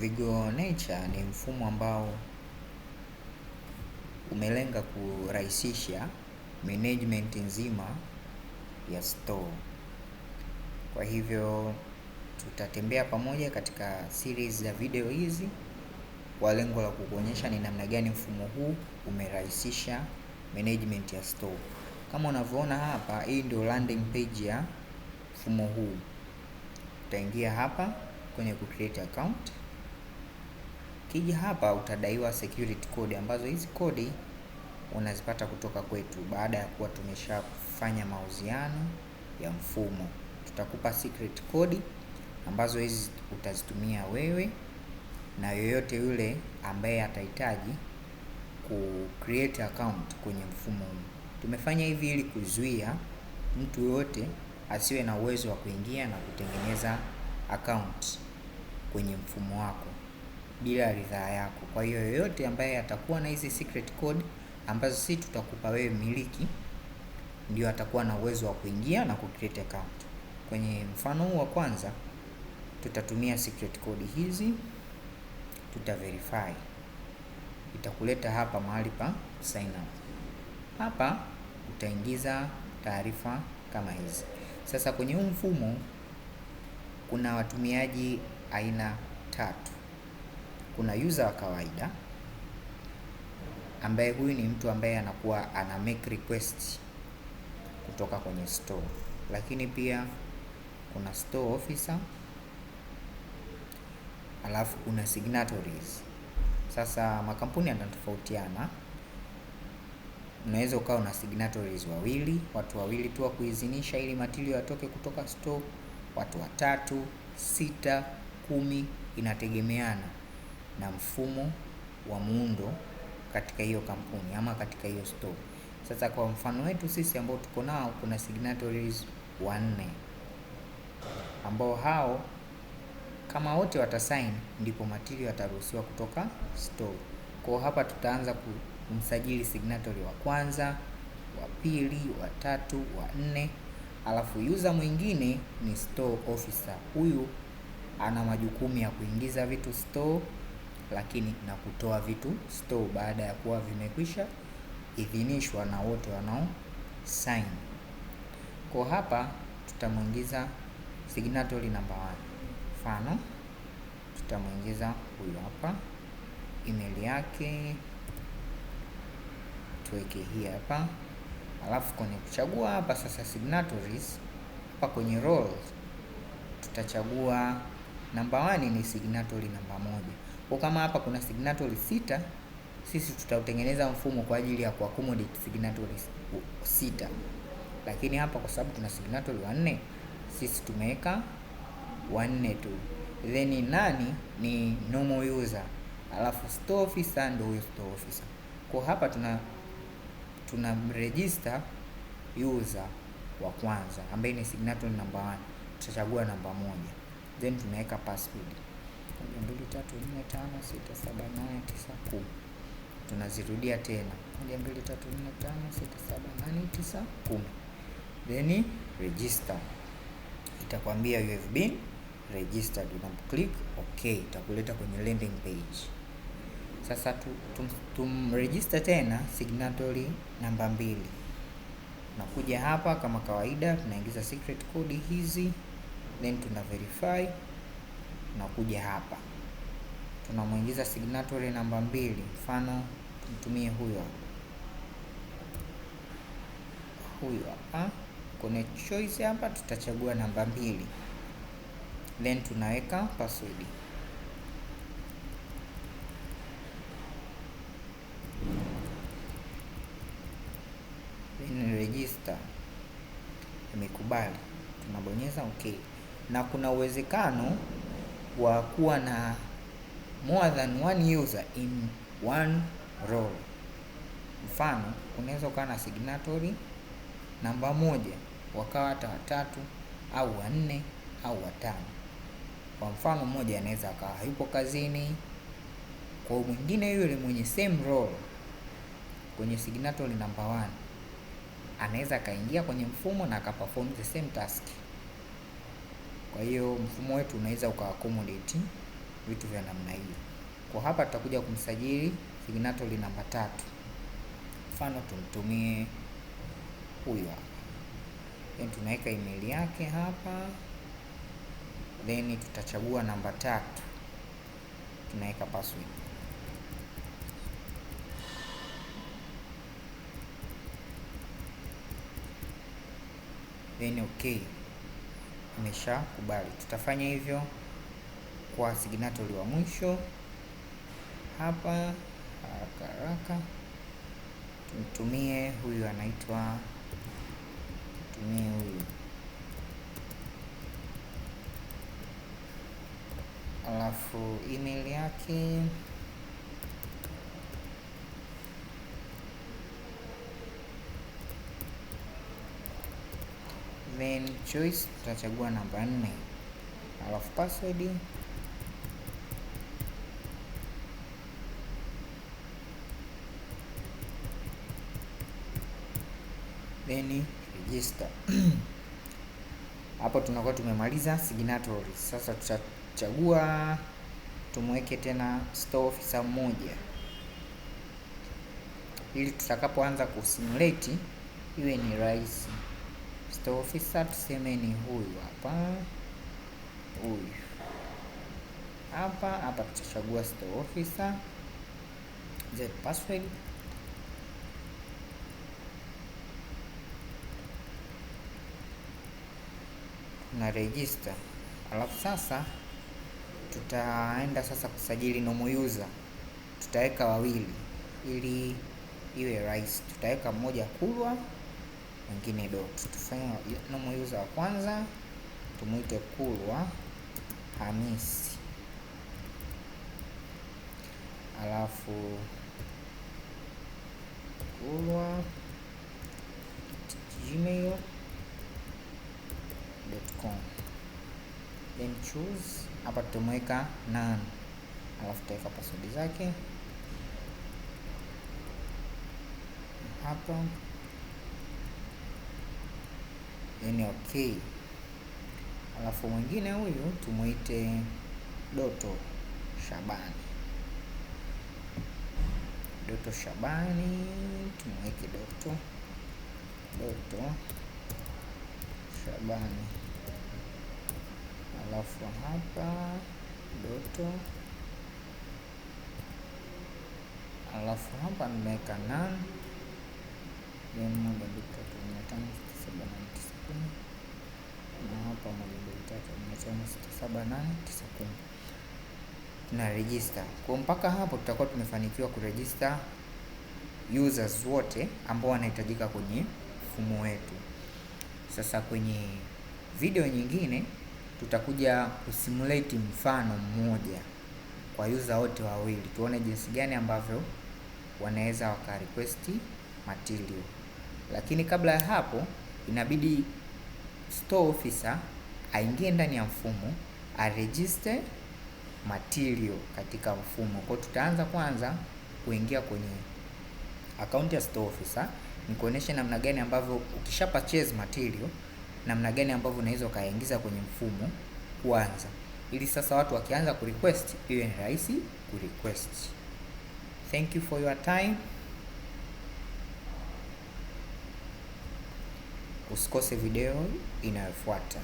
Vigo nature ni mfumo ambao umelenga kurahisisha management nzima ya store. Kwa hivyo tutatembea pamoja katika series ya video hizi kwa lengo la kukuonyesha ni namna gani mfumo huu umerahisisha management ya store. Kama unavyoona hapa, hii ndio landing page ya mfumo huu. Utaingia hapa kwenye ku create account. Ukija hapa utadaiwa security code ambazo hizi kodi unazipata kutoka kwetu baada ya kuwa tumeshafanya mauziano ya mfumo. Tutakupa secret code ambazo hizi utazitumia wewe na yoyote yule ambaye atahitaji ku create account kwenye mfumo huu. Tumefanya hivi ili kuzuia mtu yoyote asiwe na uwezo wa kuingia na kutengeneza account kwenye mfumo wako bila ridhaa yako. Kwa hiyo yoyote ambaye atakuwa na hizi secret code ambazo si tutakupa wewe miliki, ndio atakuwa na uwezo wa kuingia na ku create account. Kwenye mfano huu wa kwanza tutatumia secret code hizi, tuta verify, itakuleta hapa mahali pa sign up. Hapa utaingiza taarifa kama hizi. Sasa kwenye huu mfumo kuna watumiaji aina tatu kuna user wa kawaida ambaye huyu ni mtu ambaye anakuwa ana make request kutoka kwenye store, lakini pia kuna store officer alafu kuna signatories. Sasa makampuni yanatofautiana, unaweza ukawa una signatories wawili, watu wawili tu wa kuidhinisha ili material yatoke kutoka store, watu watatu, sita, kumi, inategemeana na mfumo wa muundo katika hiyo kampuni ama katika hiyo store. Sasa kwa mfano wetu sisi ambao tuko nao, kuna signatories wanne ambao hao kama wote watasign, ndipo material ataruhusiwa kutoka store. Kwa hapa tutaanza kumsajili signatory wa kwanza, wa pili, wa tatu, wa nne, alafu user mwingine ni store officer. Huyu ana majukumu ya kuingiza vitu store lakini na kutoa vitu store baada ya kuwa vimekwisha idhinishwa na wote wanao sign. Kwa hapa tutamwingiza signatory namba 1. Mfano tutamwingiza huyu hapa, email yake tuweke hii hapa, alafu kwenye kuchagua hapa sasa signatories, hapa kwenye roles tutachagua namba 1 ni signatory namba moja. Kwa kama hapa kuna signatory sita, sisi tutautengeneza mfumo kwa ajili ya kuaccommodate signatory sita, lakini hapa kwa sababu tuna signatory wanne, sisi tumeweka wanne tu. Then nani ni normal user, alafu store officer ndio huyo store officer. Kwa hapa tuna tuna register user wa kwanza ambaye ni signatory namba 1, tutachagua namba moja, then tunaweka password moja mbili tatu nne tano sita saba nane tisa kumi. Tunazirudia tena moja mbili tatu nne tano sita saba nane tisa kumi, then register. Itakwambia you have been registered, click ok, itakuleta kwenye landing page. Sasa tum, tumregister tena signatory namba mbili. Nakuja hapa kama kawaida, tunaingiza secret code hizi then tuna verify unakuja hapa tunamwingiza signatory namba mbili, mfano tumtumie huyo huyo hapa. Kwenye choice hapa tutachagua namba mbili, then tunaweka password. register, imekubali, tunabonyeza okay, na kuna uwezekano wa kuwa na more than one user in one role. Mfano, unaweza ukawa na signatory namba moja wakawa hata watatu au wanne au watano. Kwa mfano, mmoja anaweza akawa hayupo kazini, kwa mwingine yule mwenye same role kwenye signatory namba 1 anaweza akaingia kwenye mfumo na akaperform the same task. Kwa hiyo mfumo wetu unaweza ukaaccommodate vitu vya namna hiyo. Kwa hapa tutakuja kumsajili signatory namba tatu, mfano tumtumie huyu hapa, then tunaweka email yake hapa, then tutachagua namba tatu, tunaweka password then okay umeshakubali. Tutafanya hivyo kwa signatory wa mwisho hapa, haraka haraka tumtumie huyu, anaitwa tumie huyu alafu email yake then choice tutachagua namba nne alafu password then register. Hapo tunakuwa tumemaliza signatory. Sasa tutachagua tumweke tena store officer mmoja, ili tutakapoanza kusimulate iwe ni rahisi. So officer tuseme ni huyu hapa, huyu hapa hapa, tutachagua store officer z password na register, alafu sasa tutaenda sasa kusajili nomu user, tutaweka wawili ili iwe rahisi, tutaweka mmoja Kulwa wengine dot. Tufanye namu user wa kwanza tumwite Kulwa Hamisi, alafu Kulwa gmail.com then choose hapa, tumweka none, alafu tutaweka password zake hapa yani okay. Alafu mwingine huyu tumuite Doto Shabani. Doto Shabani, tumweke Doto Doto Shabani, alafu hapa Doto, alafu hapa nimeweka nan, mia moja sabini na tano sabini na tisa kumi na hapa moja mbili tatu nne tano sita saba nane tisa kumi register. Kwa mpaka hapo tutakuwa tumefanikiwa kuregister users wote ambao wanahitajika kwenye mfumo wetu. Sasa kwenye video nyingine tutakuja kusimulate mfano mmoja kwa user wote wawili, tuone jinsi gani ambavyo wanaweza wakarequest material, lakini kabla ya hapo inabidi store officer aingie ndani ya mfumo aregister material katika mfumo. Kwa tutaanza kwanza kuingia kwenye account ya store officer, nikuoneshe namna gani ambavyo ukisha purchase material, namna gani ambavyo unaweza ukaingiza kwenye mfumo kwanza, ili sasa watu wakianza kurequest iwe ni rahisi kurequest. Thank you for your time. Usikose video inayofuata.